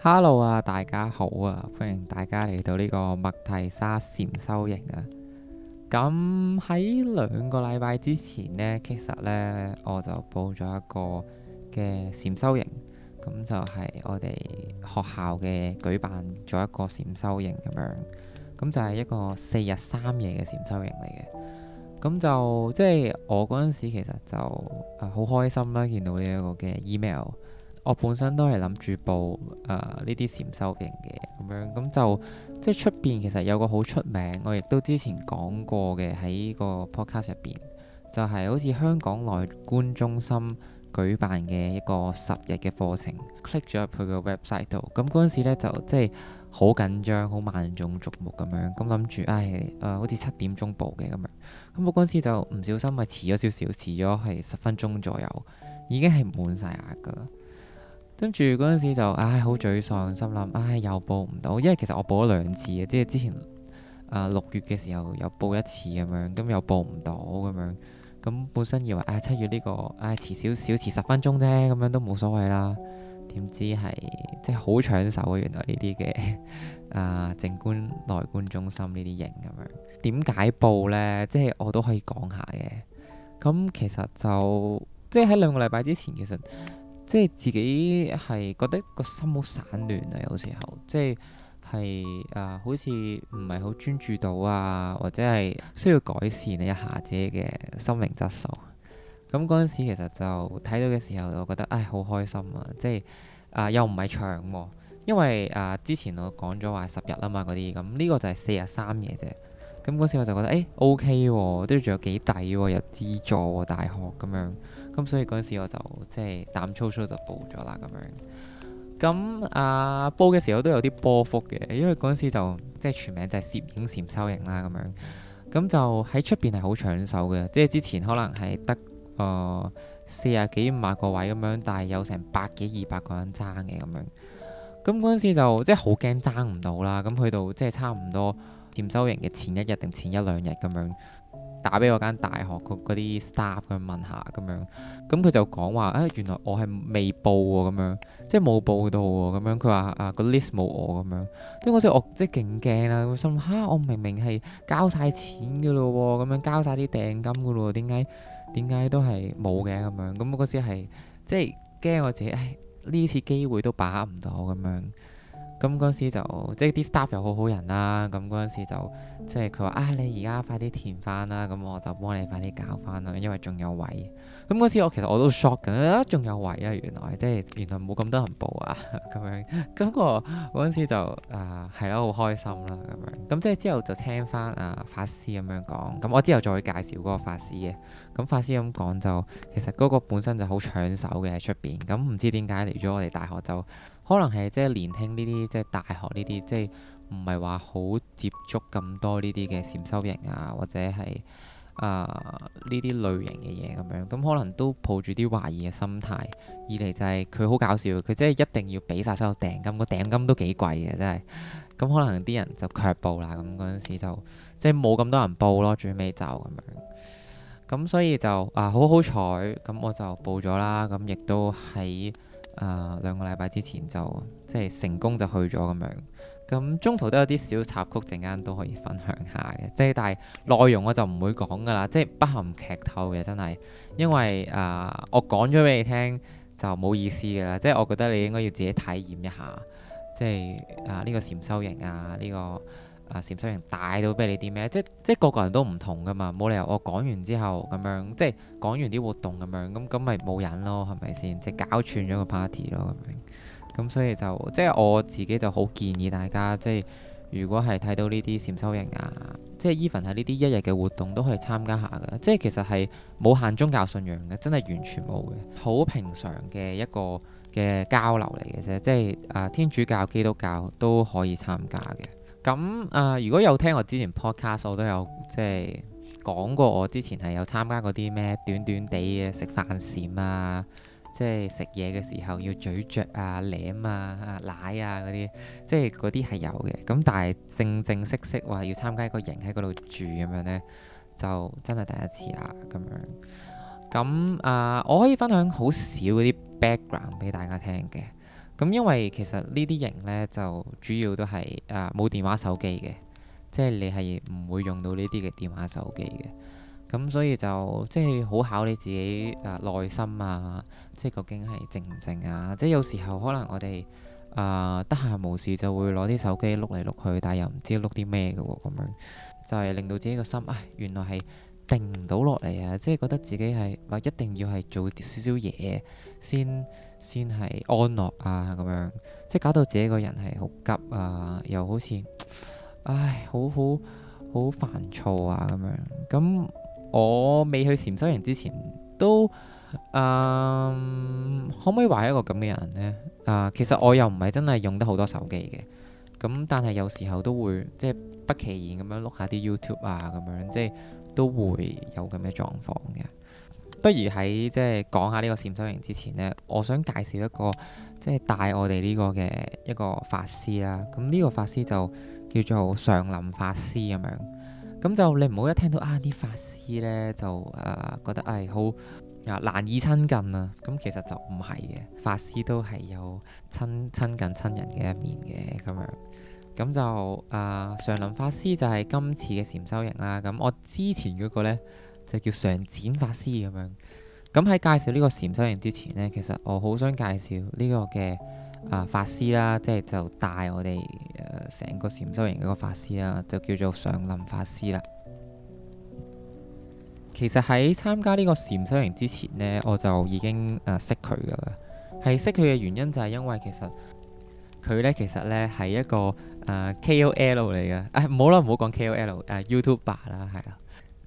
Hello 啊，大家好啊，歡迎大家嚟到呢個麥提莎禪修營啊。咁喺兩個禮拜之前呢，其實呢，我就報咗一個嘅禪修營，咁就係我哋學校嘅舉辦咗一個禪修營咁樣，咁就係一個四日三夜嘅禪修營嚟嘅。咁就即係、就是、我嗰陣時其實就好開心啦，見到呢一個嘅 email。我本身都係諗住報誒呢啲禪修型嘅咁樣，咁就即係出邊其實有個好出名，我亦都之前講過嘅喺個 podcast 入邊，就係好似香港內觀中心舉辦嘅一個十日嘅課程，click 咗入佢個 website 度。咁嗰陣時咧就即係好緊張，好萬眾矚目咁樣，咁諗住唉誒，好似七點鐘報嘅咁樣。咁我嗰時就唔小心咪遲咗少少，遲咗係十分鐘左右，已經係滿晒額噶啦。跟住嗰陣時就唉好沮喪，心諗唉又報唔到，因為其實我報咗兩次嘅，即係之前啊六、呃、月嘅時候又報一次咁樣，咁又報唔到咁樣，咁本身以為唉七月呢、這個唉遲少少遲十分鐘啫，咁樣都冇所謂啦。點知係即係好搶手啊，原來呢啲嘅啊靜觀內觀中心呢啲型咁樣，點解報呢？即係我都可以講下嘅。咁其實就即係喺兩個禮拜之前，其實。即係自己係覺得個心好散亂啊，有時候即係係啊，好似唔係好專注到啊，或者係需要改善你一下自己嘅心靈質素。咁嗰陣時其實就睇到嘅時候，我覺得唉好開心啊！即係、呃、啊又唔係長喎，因為啊、呃、之前我講咗話十日啊嘛嗰啲，咁呢個就係四日三夜啫。咁嗰時我就覺得誒 OK 喎，跟住仲有幾抵喎，有資助、啊、大學咁樣。咁所以嗰陣時我就即係膽粗粗就報咗啦咁樣。咁啊報嘅時候都有啲波幅嘅，因為嗰陣時就即係全名就係攝影禪修營啦咁樣。咁就喺出邊係好搶手嘅，即係之前可能係得誒四十幾五十個位咁樣，但係有成百幾二百個人爭嘅咁樣。咁嗰陣時就即係好驚爭唔到啦。咁去到即係差唔多禪修營嘅前一日定前一兩日咁樣。打俾我間大學嗰啲 staff 咁樣問下咁樣，咁佢就講話啊，原來我係未報喎，咁樣即係冇報到喎，咁樣佢話啊，個 list 冇我咁樣。咁、啊、我先我即係勁驚啦，我心諗吓、啊、我明明係交晒錢噶咯，咁樣交晒啲訂金噶咯，點解點解都係冇嘅咁樣？咁我嗰時係即係驚我自己，唉，呢次機會都把握唔到咁樣。咁嗰陣時就即係啲 staff 又好好人啦、啊，咁嗰陣時就即係佢話啊，你而家快啲填翻啦，咁我就幫你快啲搞翻啦，因為仲有位。咁嗰時我其實我都 shock 嘅，仲、啊、有位啊，原來即係原來冇咁多人報啊，咁樣。咁個嗰陣時就啊係咯，好、啊、開心啦、啊，咁樣。咁即係之後就聽翻啊法師咁樣講，咁我之後再介紹嗰個法師嘅。咁法師咁講就其實嗰個本身就好搶手嘅喺出邊，咁唔知點解嚟咗我哋大學就。可能係即係年輕呢啲，即係大學呢啲，即係唔係話好接觸咁多呢啲嘅禪修營啊，或者係啊呢啲類型嘅嘢咁樣。咁、嗯、可能都抱住啲懷疑嘅心態。二嚟就係佢好搞笑，佢即係一定要俾晒所有訂金，個訂金都幾貴嘅真係。咁、嗯、可能啲人就卻步啦，咁嗰陣時就即係冇咁多人報咯，最尾就咁樣。咁、嗯、所以就啊好好彩，咁我就報咗啦。咁亦都喺。誒兩、uh, 個禮拜之前就即係成功就去咗咁樣，咁中途都有啲小插曲，陣間都可以分享下嘅，即係但係內容我就唔會講噶啦，即係不含劇透嘅真係，因為誒、uh, 我講咗俾你聽就冇意思噶啦，即係我覺得你應該要自己體驗一下，即係誒呢個禪修營啊呢、這個。啊！禪修營帶到俾你啲咩？即即個個人都唔同噶嘛，冇理由我講完之後咁樣，即講完啲活動咁樣，咁咁咪冇人咯，係咪先？即搞串咗個 party 咯，咁所以就即我自己就好建議大家，即如果係睇到呢啲禪修營啊，即 even 喺呢啲一日嘅活動都可以參加下嘅，即其實係冇限宗教信仰嘅，真係完全冇嘅，好平常嘅一個嘅交流嚟嘅啫，即啊天主教、基督教都可以參加嘅。咁啊、呃，如果有聽我之前 podcast，我都有即係講過，我之前係有參加嗰啲咩短短地嘅食飯禪啊，即係食嘢嘅時候要咀嚼啊、舐啊、啊奶啊嗰啲，即係嗰啲係有嘅。咁但係正正式式話要參加一個營喺嗰度住咁樣呢，就真係第一次啦咁樣。咁啊、呃，我可以分享好少嗰啲 background 俾大家聽嘅。咁因為其實呢啲型咧就主要都係啊冇電話手機嘅，即係你係唔會用到呢啲嘅電話手機嘅。咁所以就即係好考你自己啊、呃、內心啊，即係究竟係靜唔靜啊？即係有時候可能我哋啊得閒無事就會攞啲手機碌嚟碌去，但係又唔知碌啲咩嘅喎，咁樣就係令到自己個心啊、哎、原來係定唔到落嚟啊！即係覺得自己係話一定要係做少少嘢先。先係安樂啊，咁樣即係搞到自己個人係好急啊，又好似唉，好好好煩躁啊咁樣。咁、嗯、我未去禪修營之前都，嗯、可唔可以話一個咁嘅人呢？啊、嗯，其實我又唔係真係用得好多手機嘅，咁、嗯、但係有時候都會即係不其然咁樣碌下啲 YouTube 啊，咁樣即係都會有咁嘅狀況嘅。不如喺即係講下呢個禪修營之前咧，我想介紹一個即係帶我哋呢個嘅一個法師啦。咁呢個法師就叫做上林法師咁樣。咁就你唔好一聽到啊啲法師咧就誒、呃、覺得唉、哎，好啊難以親近啊。咁其實就唔係嘅，法師都係有親親近親人嘅一面嘅咁樣。咁就誒上、呃、林法師就係今次嘅禪修營啦。咁我之前嗰個咧。就叫常霖法師咁樣，咁喺介紹呢個禪修營之前呢，其實我好想介紹呢個嘅啊、呃、法師啦，即、就、係、是、就帶我哋成、呃、個禪修營嗰個法師啦，就叫做常霖法師啦。其實喺參加呢個禪修營之前呢，我就已經誒、呃、識佢㗎啦。係識佢嘅原因就係因為其實佢呢，其實呢係一個誒、呃、K O L 嚟嘅，唔、哎、好啦唔好講 K O L 誒、呃、YouTuber 啦，係啦。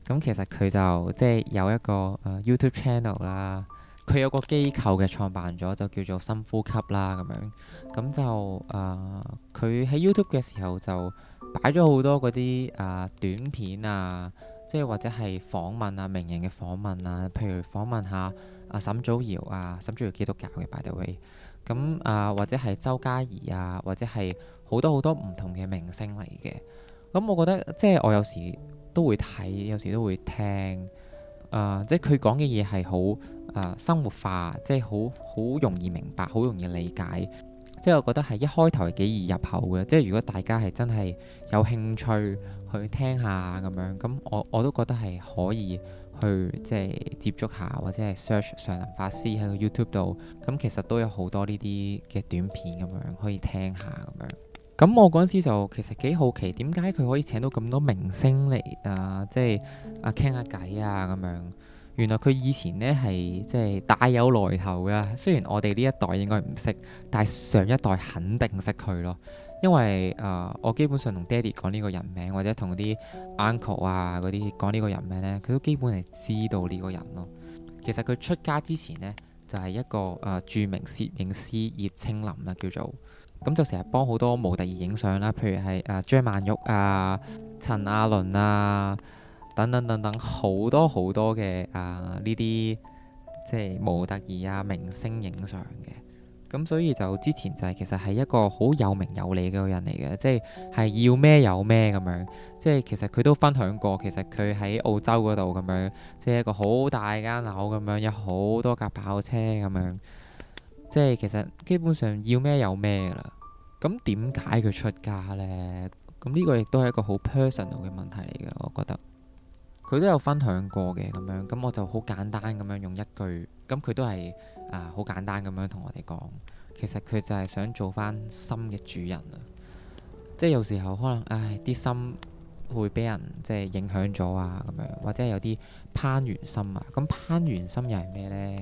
咁其實佢就即係有一個誒、呃、YouTube channel 啦，佢有個機構嘅創辦者，就叫做深呼吸啦咁樣。咁就誒佢、呃、喺 YouTube 嘅時候就擺咗好多嗰啲誒短片啊，即係或者係訪問啊，名人嘅訪問啊，譬如訪問下阿沈祖堯啊，沈祖堯基督教嘅，by the way，咁啊、呃、或者係周家怡啊，或者係好多好多唔同嘅明星嚟嘅。咁我覺得即係我有時，都會睇，有時都會聽，誒、呃，即係佢講嘅嘢係好誒生活化，即係好好容易明白，好容易理解，即係我覺得係一開頭係幾易入口嘅。即係如果大家係真係有興趣去聽下咁樣，咁我我都覺得係可以去即係接觸下，或者係 search 常霖法師喺個 YouTube 度，咁、嗯、其實都有好多呢啲嘅短片咁樣可以聽下咁樣。咁我嗰陣時就其實幾好奇點解佢可以請到咁多明星嚟啊，即係啊傾下偈啊咁樣。原來佢以前呢係即係大有來頭嘅，雖然我哋呢一代應該唔識，但係上一代肯定識佢咯。因為誒，我基本上同爹哋講呢個人名，或者同啲 uncle 啊嗰啲講呢個人名呢，佢都基本係知道呢個人咯。其實佢出家之前呢，就係一個誒著名攝影師葉青林啦，叫做。咁就成日幫好多模特兒影相啦，譬如係誒張曼玉啊、陳阿倫啊等等等等好多好多嘅啊呢啲即係模特兒啊明星影相嘅，咁所以就之前就係、是、其實係一個好有名有利嘅個人嚟嘅，即係係要咩有咩咁樣，即係其實佢都分享過，其實佢喺澳洲嗰度咁樣，即係一個好大間樓咁樣，有好多架跑車咁樣，即係其實基本上要咩有咩嘅啦。咁點解佢出家呢？咁呢個亦都係一個好 personal 嘅問題嚟嘅，我覺得。佢都有分享過嘅咁樣，咁我就好簡單咁樣用一句，咁佢都係啊好簡單咁樣同我哋講，其實佢就係想做返心嘅主人啊！即係有時候可能唉，啲心會俾人即係影響咗啊咁樣，或者有啲攀緣心啊。咁攀緣心又係咩呢？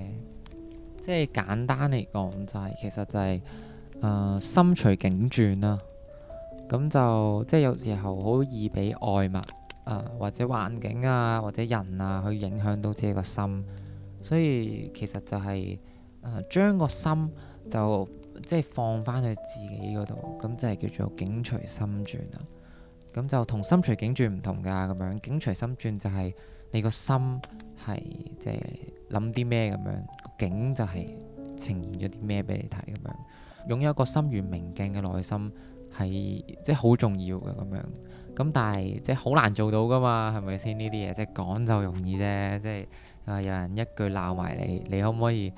即係簡單嚟講就係，其實就係。誒、啊，心隨景轉啦、啊。咁就即係有時候好易俾外物啊，或者環境啊，或者人啊去影響到自己個心，所以其實就係、是、誒，將、啊、個心就即係放翻去自己嗰度，咁即係叫做境隨心轉啊。咁就心同心隨境轉唔同噶，咁樣境隨心轉就係你個心係即係諗啲咩咁樣，個境、就是、境就係呈現咗啲咩俾你睇咁樣。擁有一個心如明鏡嘅內心係即係好重要㗎，咁樣，咁但係即係好難做到㗎嘛，係咪先呢啲嘢？即係講就容易啫，即係啊有人一句鬧埋你，你可唔可以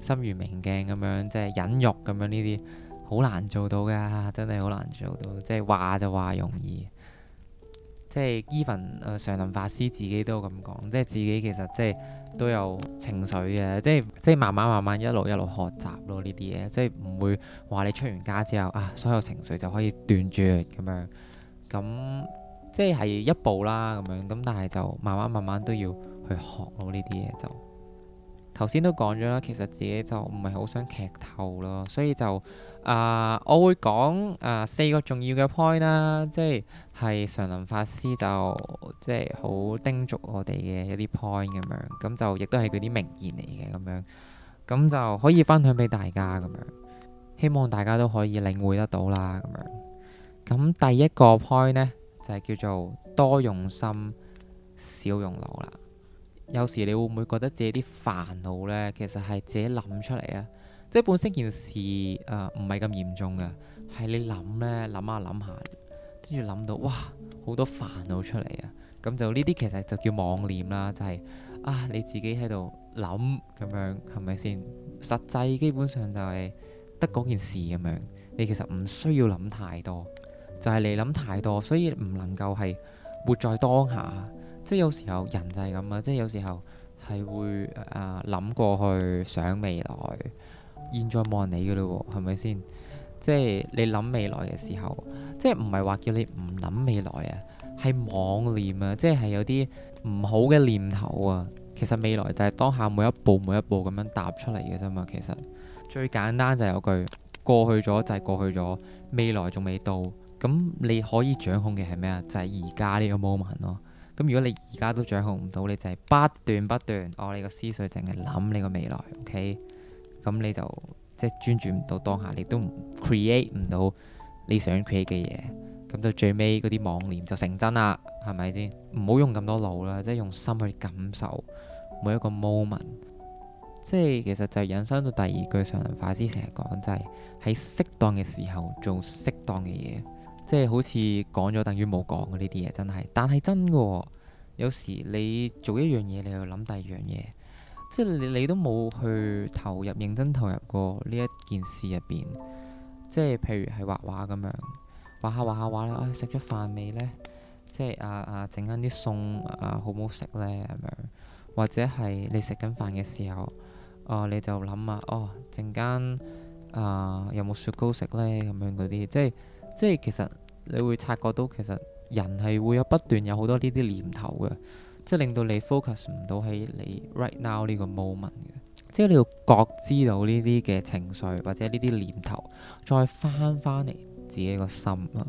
心如明鏡咁樣即係忍辱咁樣呢啲好難做到㗎，真係好難做到，即係話就話容易。即係 Even 誒常林法師自己都咁講，即係自己其實即係都有情緒嘅，即係即係慢慢慢慢一路一路學習咯呢啲嘢，即係唔會話你出完家之後啊，所有情緒就可以斷絕咁樣，咁即係係一步啦咁樣，咁但係就慢慢慢慢都要去學咯呢啲嘢就。頭先都講咗啦，其實自己就唔係好想劇透咯，所以就啊、呃，我會講啊、呃、四個重要嘅 point 啦，即係係常林法師就即係好叮囑我哋嘅一啲 point 咁樣，咁就亦都係佢啲名言嚟嘅咁樣，咁就可以分享俾大家咁樣，希望大家都可以領會得到啦咁樣。咁第一個 point 咧就係、是、叫做多用心少用腦啦。有時你會唔會覺得自己啲煩惱呢？其實係自己諗出嚟啊！即係本身件事誒唔係咁嚴重嘅，係你諗呢，諗下諗下，跟住諗到哇好多煩惱出嚟啊！咁就呢啲其實就叫妄念啦，就係啊你自己喺度諗咁樣，係咪先？實際基本上就係得嗰件事咁樣，你其實唔需要諗太多，就係你諗太多，所以唔能夠係活在當下。即係有時候人就係咁啊！即係有時候係會啊，諗過去想未來，現在冇人理㗎咯喎，係咪先？即係你諗未來嘅時候，即係唔係話叫你唔諗未來啊，係妄念啊！即係係有啲唔好嘅念頭啊。其實未來就係當下每一步每一步咁樣踏出嚟嘅啫嘛。其實最簡單就係有句過去咗就係過去咗，未來仲未到，咁你可以掌控嘅係咩啊？就係而家呢個 moment 咯。咁如果你而家都掌控唔到，你就係不斷不斷，哦。你個思緒淨係諗你個未來，OK？咁你就即係專注唔到當下，你都唔 create 唔到你想 create 嘅嘢。咁到最尾嗰啲妄念就成真啦，係咪先？唔好用咁多腦啦，即係用心去感受每一個 moment。即係其實就係引申到第二句常人法師成日講，就係喺適當嘅時候做適當嘅嘢。即係好似講咗等於冇講嘅呢啲嘢，真係。但係真嘅、哦，有時你做一樣嘢，你又諗第二樣嘢。即係你你都冇去投入、認真投入過呢一件事入邊。即係譬如係畫畫咁樣，畫下畫下畫啦。食、啊、咗飯未咧？即係啊啊，整緊啲餸啊，好唔好食咧咁樣？或者係你食緊飯嘅時候，哦、啊，你就諗啊，哦，陣間啊，有冇雪糕食咧咁樣嗰啲，即係。即係其實你會察覺到，其實人係會有不斷有好多呢啲念頭嘅，即係令到你 focus 唔到喺你 right now 呢個 moment 嘅。即係你要覺知到呢啲嘅情緒或者呢啲念頭，再翻返嚟自己個心啊。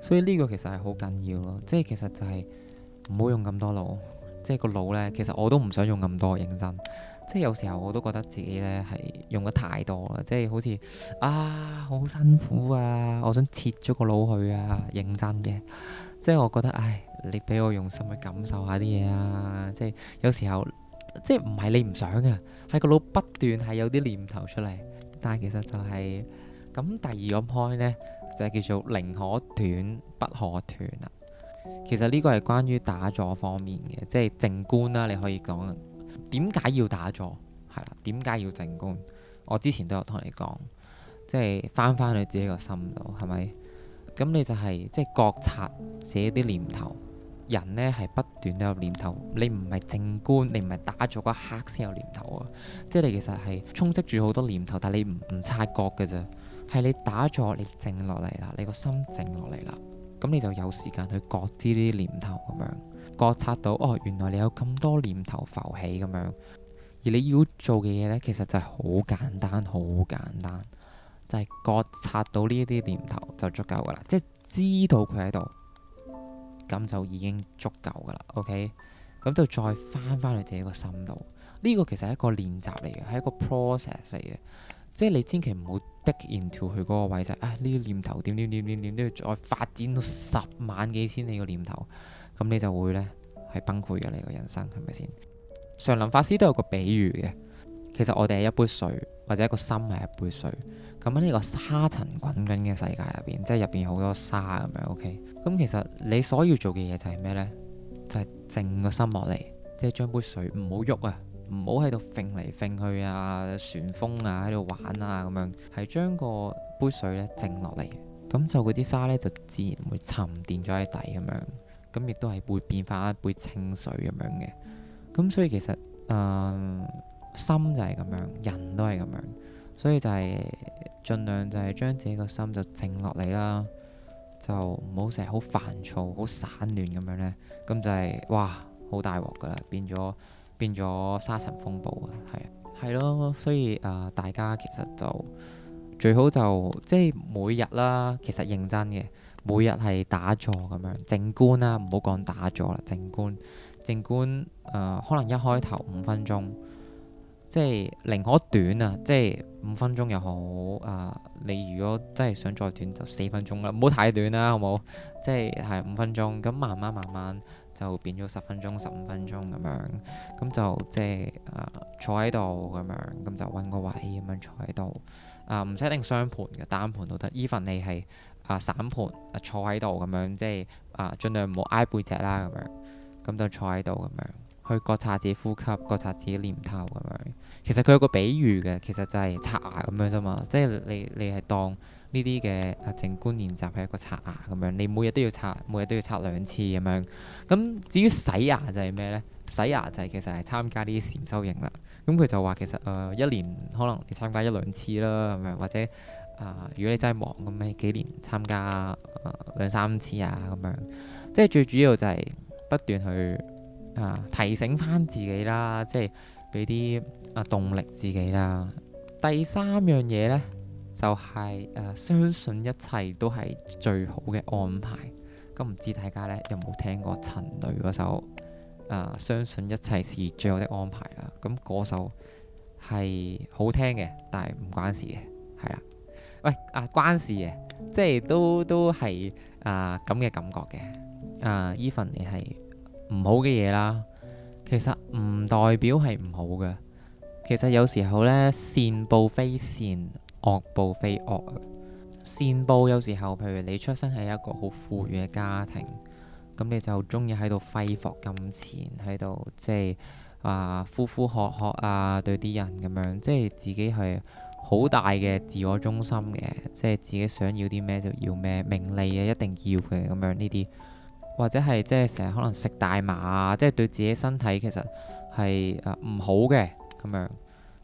所以呢個其實係好緊要咯。即係其實就係唔好用咁多腦，即係個腦咧，其實我都唔想用咁多，認真。即係有時候我都覺得自己咧係用得太多啦，即係好似啊好辛苦啊，我想切咗個腦去啊，認真嘅。即係我覺得，唉，你俾我用心去感受一下啲嘢啊。即係有時候，即係唔係你唔想嘅，係個腦不斷係有啲念頭出嚟，但係其實就係咁。第二個 point 咧就係叫做寧可斷不可斷啦。其實呢個係關於打坐方面嘅，即係靜觀啦，你可以講。點解要打坐？係啦，點解要靜觀？我之前都有同你講，即係翻翻你自己個心度，係咪？咁你就係、是、即係覺察這啲念頭。人咧係不斷都有念頭，你唔係靜觀，你唔係打坐嗰刻先有念頭啊！即係你其實係充斥住好多念頭，但係你唔唔察覺嘅咋，係你打坐，你靜落嚟啦，你個心靜落嚟啦，咁你就有時間去覺知呢啲念頭咁樣。覺察到哦，原來你有咁多念頭浮起咁樣，而你要做嘅嘢呢，其實就係好簡單，好簡單，就係、是、覺察到呢一啲念頭就足夠噶啦，即係知道佢喺度，咁就已經足夠噶啦。OK，咁就再返返去自己個心度，呢、這個其實係一個練習嚟嘅，係一個 process 嚟嘅，即係你千祈唔好 dig into 去嗰個位就啊呢啲念頭點點點點點都要再發展到十萬幾千個念頭。咁你就會咧係崩潰嘅，你個人生係咪先？常林法師都有個比喻嘅，其實我哋係一杯水或者一個心係一杯水。咁喺呢個沙塵滾滾嘅世界入邊，即係入邊好多沙咁樣。OK，咁其實你所要做嘅嘢就係咩咧？就係靜個心落嚟，即係將杯水唔好喐啊，唔好喺度揈嚟揈去啊，旋風啊，喺度玩啊咁樣，係將個杯水咧靜落嚟，咁就嗰啲沙咧就自然會沉澱咗喺底咁樣。咁亦都係會變化一杯清水咁樣嘅，咁所以其實誒、呃、心就係咁樣，人都係咁樣，所以就係盡量就係將自己個心就靜落嚟啦，就唔好成日好煩躁、好散亂咁樣咧，咁就係、是、哇，好大鑊噶啦，變咗變咗沙塵風暴啊，係啊，係咯，所以誒、呃、大家其實就最好就即係每日啦，其實認真嘅。每日係打坐咁樣靜觀啦，唔好講打坐啦，靜觀、啊、靜觀誒、呃，可能一開頭五分鐘，即係寧可短啊，即係五分鐘又好啊、呃。你如果真係想再短就四分鐘啦，唔好太短啦，好冇？即係係五分鐘，咁慢慢慢慢就變咗十分鐘、十五分鐘咁樣，咁就即係誒、呃、坐喺度咁樣，咁就搵個位咁樣坐喺度啊，唔使一定雙盤嘅，單盤都得。even 你係。啊，散盤啊，坐喺度咁樣，即係啊，盡量唔好挨背脊啦，咁樣咁就坐喺度咁樣去觀察自己呼吸，觀察自己念頭咁樣。其實佢有個比喻嘅，其實就係刷牙咁樣啫嘛，即係你你係當呢啲嘅啊靜觀練習係一個刷牙咁樣，你每日都要刷，每日都要刷兩次咁樣。咁至於洗牙就係咩咧？洗牙就係其實係參加呢啲禪修營啦。咁佢就話其實誒、呃、一年可能你參加一兩次啦，咁樣或者？啊、呃，如果你真係忙咁，你幾年參加啊、呃、兩三次啊咁樣，即係最主要就係不斷去啊、呃、提醒翻自己啦，即係俾啲啊動力自己啦。第三樣嘢咧就係、是、誒、呃、相信一切都係最好嘅安排。咁、嗯、唔知大家咧有冇聽過陳蕾嗰首誒、呃、相信一切是最好的安排啦？咁嗰首係好聽嘅，但係唔關事嘅，係啦。喂，啊關事嘅，即係都都係啊咁嘅感覺嘅，啊依份你係唔好嘅嘢啦。其實唔代表係唔好嘅，其實有時候咧，善報非善，惡報非惡。善報有時候，譬如你出生喺一個好富裕嘅家庭，咁你就鍾意喺度揮霍金錢，喺度即係啊、呃、呼呼喝喝啊對啲人咁樣，即係自己係。好大嘅自我中心嘅，即係自己想要啲咩就要咩，名利啊一定要嘅咁樣呢啲，或者係即係成日可能食大麻啊，即係對自己身體其實係誒唔好嘅咁樣，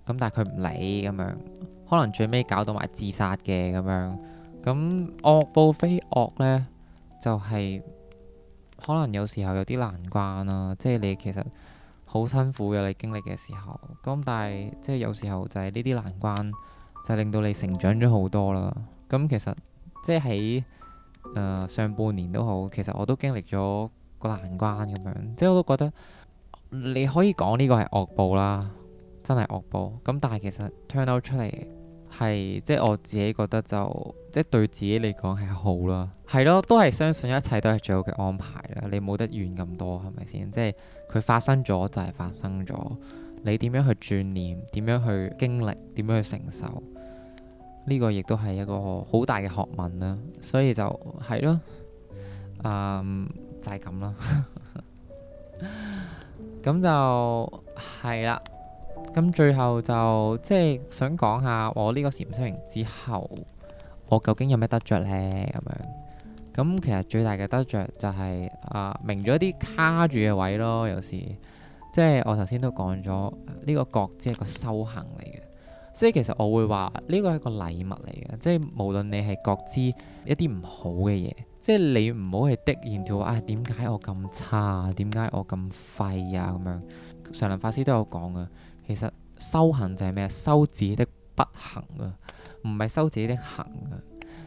咁但係佢唔理咁樣，可能最尾搞到埋自殺嘅咁樣，咁惡報非惡呢，就係、是、可能有時候有啲難關啦、啊，即係你其實好辛苦嘅你經歷嘅時候，咁但係即係有時候就係呢啲難關。就令到你成長咗好多啦。咁其實即係喺誒、呃、上半年都好，其實我都經歷咗個難關咁樣，即係我都覺得你可以講呢個係惡報啦，真係惡報。咁但係其實 turn out 出嚟係即係我自己覺得就即係對自己嚟講係好啦，係咯、啊，都係相信一切都係最好嘅安排啦。你冇得怨咁多，係咪先？即係佢發生咗就係發生咗，你點樣去轉念？點樣去經歷？點樣去承受？呢個亦都係一個好大嘅學問啦，所以就係咯，嗯，就係咁啦。咁 就係啦。咁最後就即係想講下，我呢個禪修完之後，我究竟有咩得着咧？咁樣。咁其實最大嘅得着就係、是、啊，明咗啲卡住嘅位咯。有時，即係我頭先都講咗，呢、呢個覺只係一個修行嚟嘅。即係其實我會話呢個係一個禮物嚟嘅，即係無論你係覺知一啲唔好嘅嘢，即係你唔好係的連條話啊點解我咁差啊？點解我咁廢啊？咁樣常林法師都有講嘅，其實修行就係咩啊？修自己的不行啊，唔係修自己的行啊。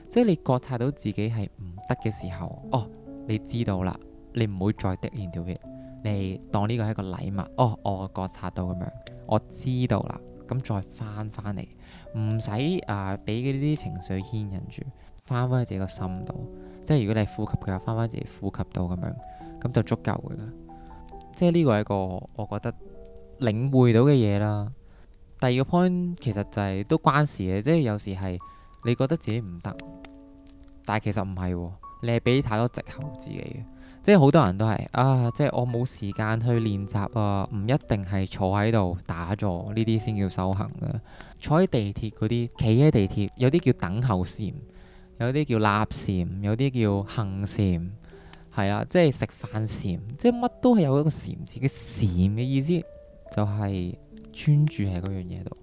即係你覺察到自己係唔得嘅時候，哦，你知道啦，你唔好再的連條嘅。你當呢個係一個禮物。哦，我覺察到咁樣，我知道啦。咁再翻翻嚟，唔使啊，俾呢啲情緒牽引住，翻翻去自己個心度，即係如果你呼吸嘅話，翻翻自己呼吸度咁樣，咁就足夠嘅啦。即係呢個係一個我覺得領會到嘅嘢啦。第二個 point 其實就係、是、都關事嘅，即係有時係你覺得自己唔得，但係其實唔係喎，你係俾太多藉口自己嘅。即係好多人都係啊！即係我冇時間去練習啊，唔一定係坐喺度打坐，呢啲先叫修行嘅。坐喺地鐵嗰啲，企喺地鐵，有啲叫等候禪，有啲叫立禪，有啲叫行禪，係啊，即係食飯禪，即係乜都係有一個禪，自己禪嘅意思就穿，就係專注喺嗰樣嘢度，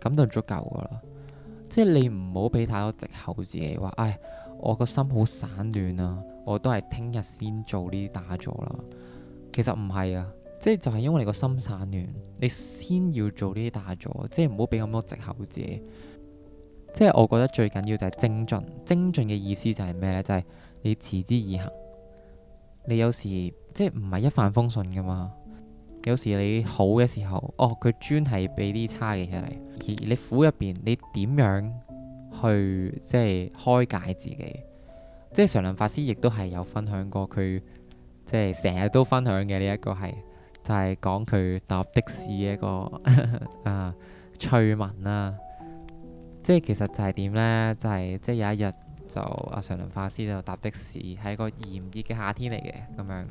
咁就足夠噶啦。即係你唔好俾太多藉口，自己話，唉、哎，我個心好散亂啊！我都係聽日先做呢啲打坐啦。其實唔係啊，即係就係、是、因為你個心散亂，你先要做呢啲打坐，即係唔好俾咁多藉口自己。即、就、係、是、我覺得最緊要就係精進，精進嘅意思就係咩咧？就係、是、你持之以恆。你有時即係唔係一帆風順噶嘛？有時你好嘅時候，哦佢專係俾啲差嘅嘢嚟。而你苦入邊，你點樣去即係、就是、開解自己？即係常林法師亦都係有分享過佢，即係成日都分享嘅呢、這個就是、一個係、 啊，就係講佢搭的士嘅一個啊趣聞啦。即係其實就係點咧，就係、是、即係有一日就阿、啊、常林法師就搭的士，係一個炎熱嘅夏天嚟嘅咁樣。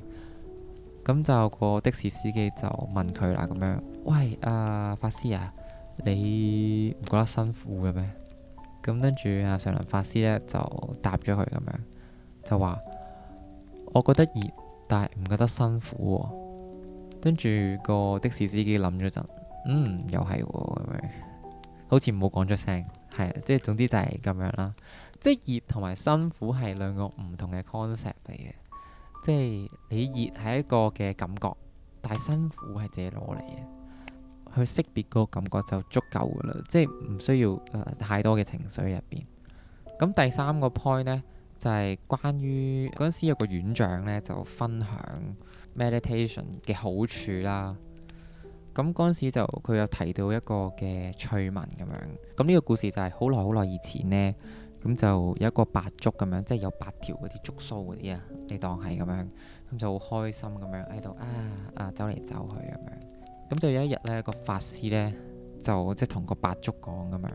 咁就那個的士司機就問佢啦，咁樣，喂，阿、啊、法師啊，你唔覺得辛苦嘅咩？咁跟住阿常林法師咧就答咗佢咁樣。就話我覺得熱，但係唔覺得辛苦喎、哦。跟住個的士司機諗咗陣，嗯，又係喎咁樣，好似冇講出聲，係即係總之就係咁樣啦。即係熱同埋辛苦係兩個唔同嘅 concept 嚟嘅，即係你熱係一個嘅感覺，但係辛苦係自己攞嚟嘅。去識別嗰個感覺就足夠啦，即係唔需要、呃、太多嘅情緒入邊。咁第三個 point 咧。就係關於嗰陣時有個院長咧，就分享 meditation 嘅好處啦。咁嗰陣時就佢有提到一個嘅趣聞咁樣。咁呢個故事就係好耐好耐以前咧，咁就有一個白竹咁樣，即係有八條嗰啲竹蘇嗰啲啊，你當係咁樣，咁就好開心咁樣喺度啊啊，走嚟走去咁樣。咁就有一日咧，個法師咧就即係同個白竹講咁樣，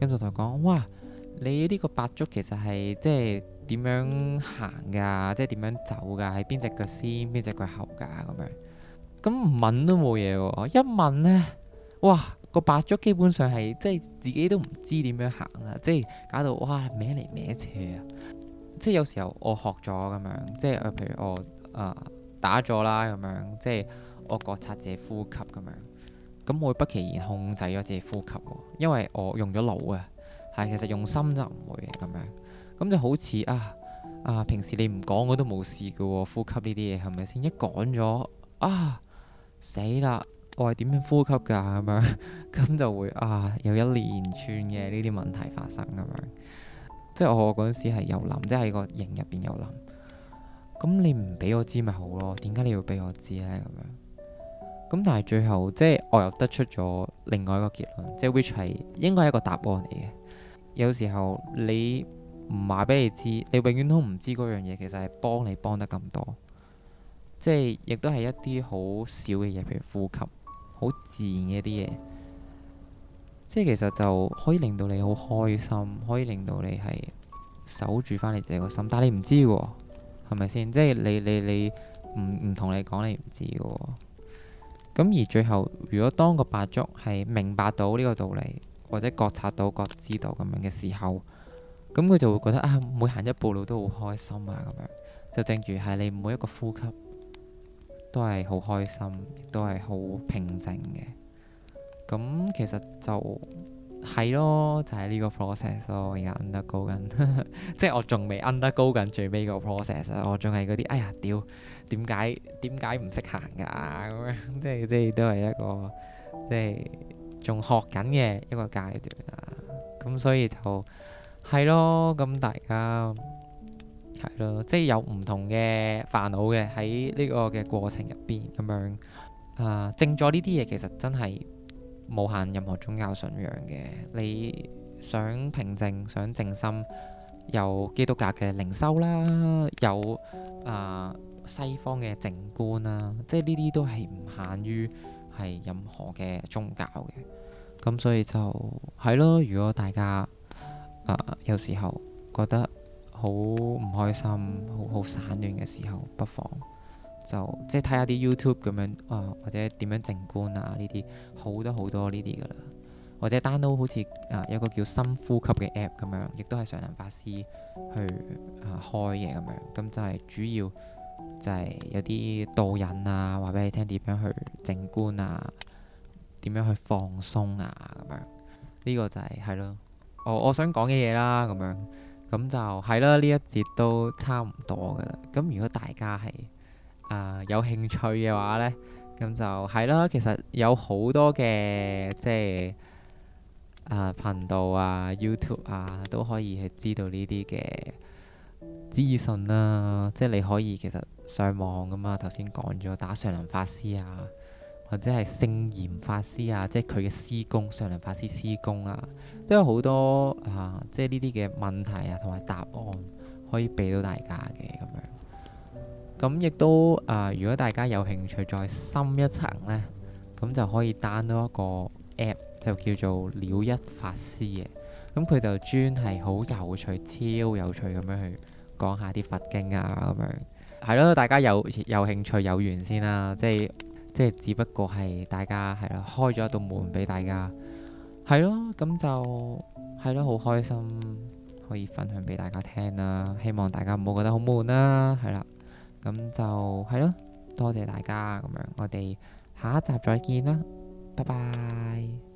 咁就同佢講：哇！你呢個百足其實係即係點樣行㗎？即係點樣走㗎？係邊隻腳先？邊隻腳後㗎？咁樣咁唔問都冇嘢喎。一問咧，哇個百足基本上係即係自己都唔知點樣行啊！即係搞到哇歪嚟歪斜啊！即係有時候我學咗咁樣，即係譬如我啊、呃、打咗啦咁樣，即係我覺察自己呼吸咁樣，咁我會不其然控制咗自己呼吸喎，因為我用咗腦啊。係，其實用心就唔會嘅咁樣，咁就好似啊啊，平時你唔講我都冇事嘅喎，呼吸呢啲嘢係咪先？是是一講咗啊，死啦！我係點樣呼吸㗎？咁樣咁 就會啊，有一連串嘅呢啲問題發生咁樣，即係我嗰陣時係又諗，即係喺個營入邊又諗，咁你唔俾我知咪好咯？點解你要俾我知咧？咁樣咁，但係最後即係我又得出咗另外一個結論，即係 which 係應該係一個答案嚟嘅。有時候你唔話俾你知，你永遠都唔知嗰樣嘢其實係幫你幫得咁多，即係亦都係一啲好少嘅嘢，譬如呼吸，好自然嘅一啲嘢，即係其實就可以令到你好開心，可以令到你係守住返你自己個心，但係你唔知喎，係咪先？即係你你你唔唔同你講，你唔知嘅。咁而最後，如果當個白足係明白到呢個道理。或者覺察到、覺知道咁樣嘅時候，咁佢就會覺得啊，每行一步路都好開心啊，咁樣就正如係你每一個呼吸都係好開心，都係好平靜嘅。咁其實就係、係、咯，就係呢個 process 咯，而家 undergo 緊，即係我仲未 undergo 緊最尾個 process，我仲係嗰啲哎呀屌，點解點解唔識行㗎咁樣，即係即係都係一個即係。仲學緊嘅一個階段啊，咁所以就係咯，咁大家係咯，即係有唔同嘅煩惱嘅喺呢個嘅過程入邊咁樣啊，靜坐呢啲嘢其實真係無限任何宗教信仰嘅，你想平靜，想靜心，有基督教嘅靈修啦，有啊、呃、西方嘅靜觀啦，即係呢啲都係唔限於。係任何嘅宗教嘅，咁所以就係咯。如果大家啊、呃，有時候覺得好唔開心、好好散亂嘅時候，不妨就，就即係睇下啲 YouTube 咁樣啊、呃，或者點樣靜觀啊呢啲，好多好多呢啲噶啦。或者 d 都好似啊、呃、有個叫深呼吸嘅 app 咁樣，亦都係上林法師去啊、呃、開嘅咁樣。咁就係主要。就係有啲導引啊，話俾你聽點樣去靜觀啊，點樣去放鬆啊咁樣，呢個就係係咯，我我想講嘅嘢啦咁樣，咁就係咯，呢一節都差唔多噶啦。咁如果大家係啊、呃、有興趣嘅話咧，咁就係咯，其實有好多嘅即係啊頻道啊 YouTube 啊都可以去知道呢啲嘅資訊啦、啊，即係你可以其實上網啊嘛。頭先講咗打上林法師啊，或者係聖嚴法師啊，即係佢嘅師公上林法師師公啊，即係好多啊，即係呢啲嘅問題啊，同埋答案可以俾到大家嘅咁樣。咁亦都啊，如果大家有興趣再深一層呢，咁就可以 download 一個 app 就叫做了一法師嘅咁佢就專係好有趣、超有趣咁樣去，講下啲佛經啊，咁樣係咯。大家有有興趣有緣先啦、啊，即係即係，只不過係大家係咯、啊，開咗一道門俾大家係咯。咁、啊、就係咯，好、啊、開心可以分享俾大家聽啦、啊。希望大家唔好覺得好悶啦，係啦、啊。咁就係咯、啊，多謝大家咁樣，我哋下一集再見啦，拜拜。